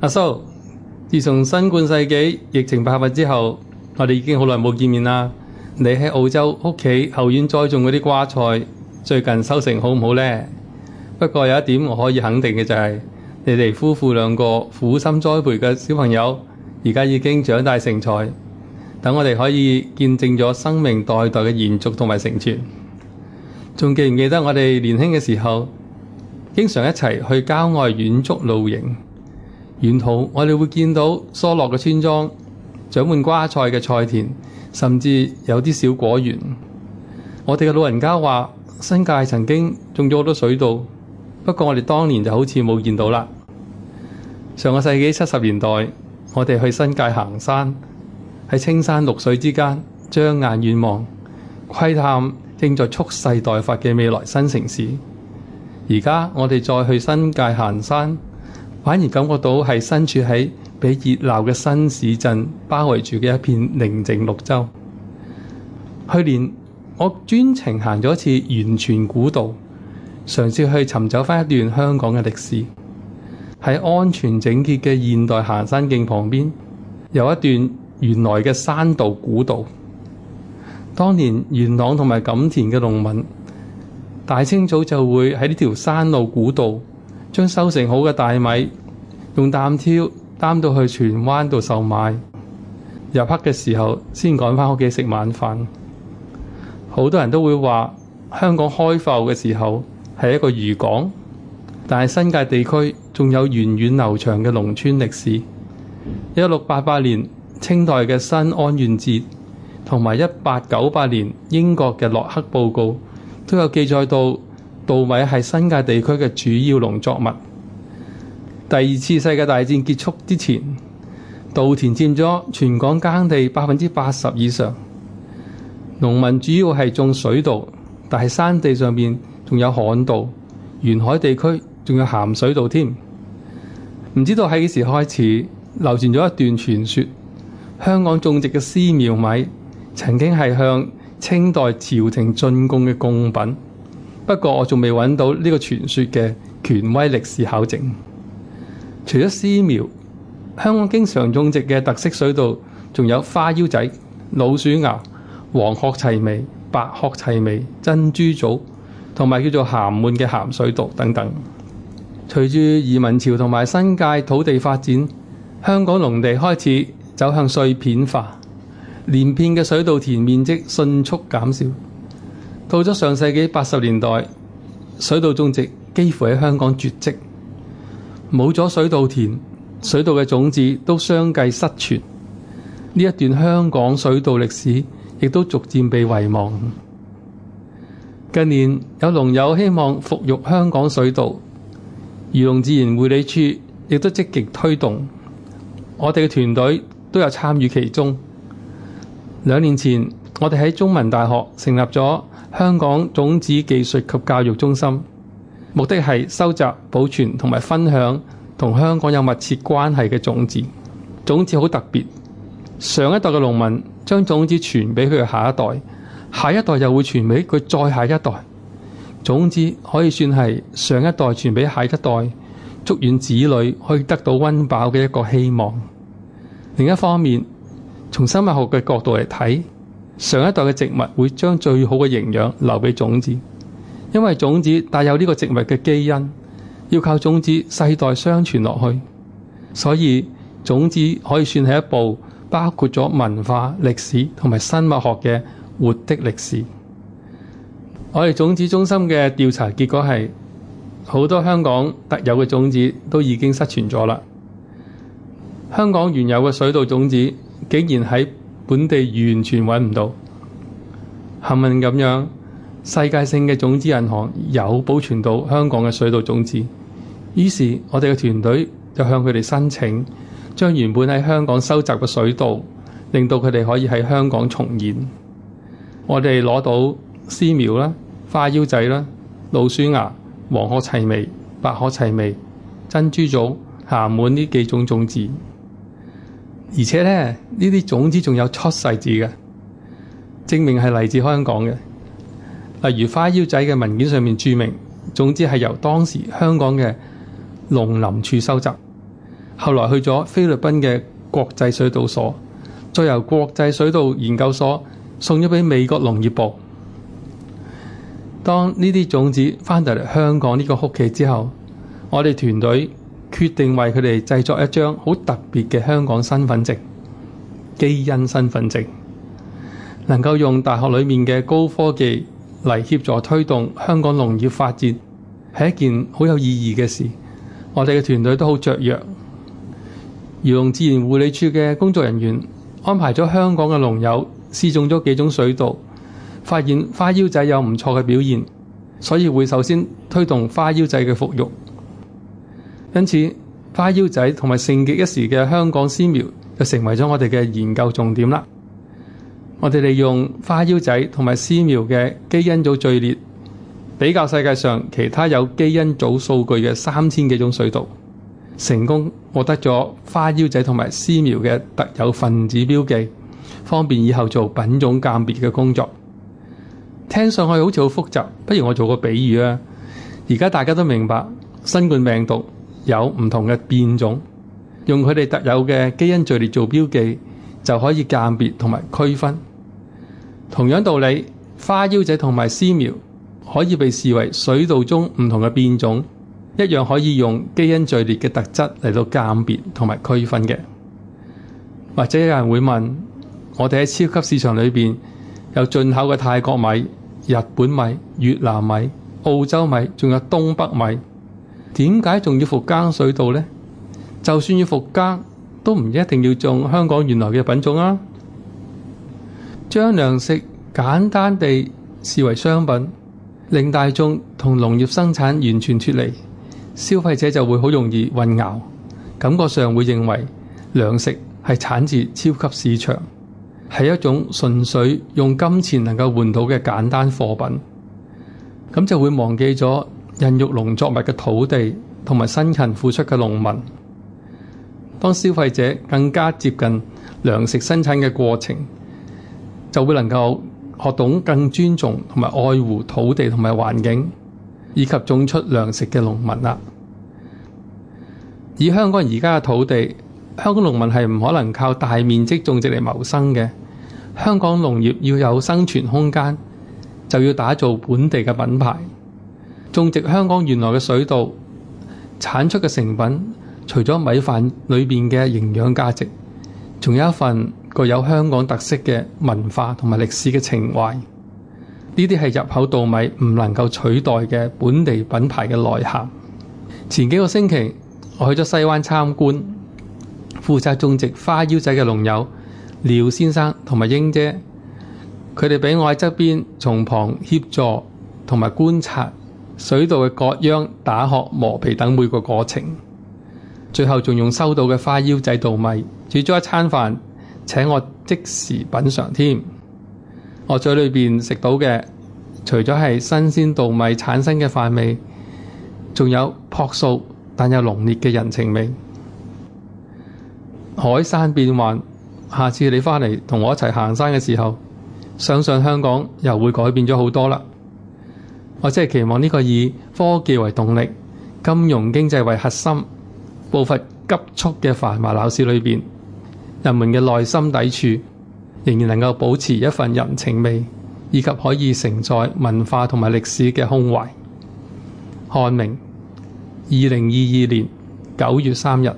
阿叔，自從新冠世紀疫情爆發之後，我哋已經好耐冇見面啦。你喺澳洲屋企後院栽種嗰啲瓜菜，最近收成好唔好呢？不過有一點我可以肯定嘅，就係、是，你哋夫婦兩個苦心栽培嘅小朋友，而家已經長大成才，等我哋可以見證咗生命代代嘅延續同埋成全。仲記唔記得我哋年輕嘅時候，經常一齊去郊外遠足露營？沿途我哋會見到疏落嘅村莊、長滿瓜菜嘅菜田，甚至有啲小果園。我哋嘅老人家話：新界曾經種咗好多水稻，不過我哋當年就好似冇見到啦。上個世紀七十年代，我哋去新界行山，喺青山綠水之間張眼遠望，窺探正在蓄勢待發嘅未來新城市。而家我哋再去新界行山。反而感覺到係身處喺被熱鬧嘅新市鎮包圍住嘅一片寧靜綠洲。去年我專程行咗一次元荃古道，嘗試去尋找返一段香港嘅歷史。喺安全整潔嘅現代行山徑旁邊，有一段原來嘅山道古道。當年元朗同埋錦田嘅農民，大清早就會喺呢條山路古道，將收成好嘅大米用擔挑擔到去荃灣度售賣，入黑嘅時候先趕返屋企食晚飯。好多人都會話，香港開埠嘅時候係一個漁港，但係新界地區仲有源遠流長嘅農村歷史。一六八八年清代嘅《新安縣志》同埋一八九八年英國嘅洛克報告都有記載到。稻米係新界地區嘅主要農作物。第二次世界大戰結束之前，稻田佔咗全港耕地百分之八十以上。農民主要係種水稻，但係山地上面仲有旱稻，沿海地區仲有鹹水稻添。唔知道喺幾時開始，流傳咗一段傳説：香港種植嘅絲苗米曾經係向清代朝廷進貢嘅供品。不過我仲未揾到呢個傳說嘅權威歷史考證。除咗絲苗，香港經常種植嘅特色水稻，仲有花腰仔、老鼠牙、黃殼齊眉、白殼齊眉、珍珠棗，同埋叫做鹹滿嘅鹹水稻等等。隨住移民潮同埋新界土地發展，香港農地開始走向碎片化，連片嘅水稻田面積迅速減少。到咗上世紀八十年代，水稻種植幾乎喺香港絕跡，冇咗水稻田，水稻嘅種子都相繼失傳。呢一段香港水稻歷史，亦都逐漸被遺忘。近年有農友希望復育香港水稻，漁農自然護理署亦都積極推動，我哋嘅團隊都有參與其中。兩年前，我哋喺中文大學成立咗香港種子技術及教育中心，目的係收集、保存同埋分享同香港有密切關係嘅種子。種子好特別，上一代嘅農民將種子傳俾佢下一代，下一代又會傳俾佢再下一代。種子可以算係上一代傳俾下一代，祝願子女可以得到溫飽嘅一個希望。另一方面，從生物學嘅角度嚟睇，上一代嘅植物會將最好嘅營養留俾種子，因為種子帶有呢個植物嘅基因，要靠種子世代相傳落去，所以種子可以算係一部包括咗文化、歷史同埋生物學嘅活的歷史。我哋種子中心嘅調查結果係好多香港特有嘅種子都已經失傳咗啦。香港原有嘅水稻種子竟然喺本地完全揾唔到，幸運咁樣，世界性嘅種子銀行有保存到香港嘅水稻種子。於是，我哋嘅團隊就向佢哋申請，將原本喺香港收集嘅水稻，令到佢哋可以喺香港重現。我哋攞到絲苗啦、花腰仔啦、老鼠牙、黃殼齊眉、白殼齊眉、珍珠種、鹹滿呢幾種種子。而且呢，呢啲種子仲有出世字嘅，證明係嚟自香港嘅。例如花腰仔嘅文件上面注明，種子係由當時香港嘅農林處收集。後來去咗菲律賓嘅國際水稻所，再由國際水稻研究所送咗畀美國農業部。當呢啲種子翻到嚟香港呢個屋企之後，我哋團隊決定為佢哋製作一張好特別嘅香港身份證——基因身份證，能夠用大學裡面嘅高科技嚟協助推動香港農業發展，係一件好有意義嘅事。我哋嘅團隊都好雀躍，漁農自然護理署嘅工作人員安排咗香港嘅農友試種咗幾種水稻，發現花腰仔有唔錯嘅表現，所以會首先推動花腰仔嘅復育。因此，花腰仔同埋盛極一時嘅香港絲苗，就成為咗我哋嘅研究重點啦。我哋利用花腰仔同埋絲苗嘅基因組序列，比較世界上其他有基因組數據嘅三千幾種水稻，成功獲得咗花腰仔同埋絲苗嘅特有分子標記，方便以後做品種鑑別嘅工作。聽上去好似好複雜，不如我做個比喻啊，而家大家都明白新冠病毒。有唔同嘅變種，用佢哋特有嘅基因序列做標記，就可以鑑別同埋區分。同樣道理，花腰仔同埋絲苗可以被視為水稻中唔同嘅變種，一樣可以用基因序列嘅特質嚟到鑑別同埋區分嘅。或者有人會問，我哋喺超級市場裏邊有進口嘅泰國米、日本米、越南米、澳洲米，仲有東北米。點解仲要復耕水稻呢？就算要復耕，都唔一定要種香港原來嘅品種啊！將糧食簡單地視為商品，令大眾同農業生產完全脱離，消費者就會好容易混淆，感覺上會認為糧食係產自超級市場，係一種純粹用金錢能夠換到嘅簡單貨品，咁就會忘記咗。孕育農作物嘅土地同埋辛勤付出嘅農民，當消費者更加接近糧食生產嘅過程，就會能夠學懂更尊重同埋愛護土地同埋環境，以及種出糧食嘅農民啦。以香港而家嘅土地，香港農民係唔可能靠大面積種植嚟謀生嘅。香港農業要有生存空間，就要打造本地嘅品牌。種植香港原來嘅水稻，產出嘅成品，除咗米飯裏邊嘅營養價值，仲有一份具有香港特色嘅文化同埋歷史嘅情懷。呢啲係入口稻米唔能夠取代嘅本地品牌嘅內涵。前幾個星期，我去咗西灣參觀，負責種植花腰仔嘅農友廖先生同埋英姐，佢哋俾我喺側邊從旁協助同埋觀察。水稻嘅割秧、打殼、磨皮等每個過程，最後仲用收到嘅花腰仔稻米煮咗一餐飯，請我即時品嚐添。我嘴裏邊食到嘅，除咗係新鮮稻米產生嘅飯味，仲有樸素但又濃烈嘅人情味。海山變幻，下次你返嚟同我一齊行山嘅時候，相信香港又會改變咗好多啦。我真係期望呢個以科技為動力、金融經濟為核心、步伐急速嘅繁華鬧市裏邊，人們嘅內心底處，仍然能夠保持一份人情味，以及可以承載文化同埋歷史嘅胸懷。漢明，二零二二年九月三日。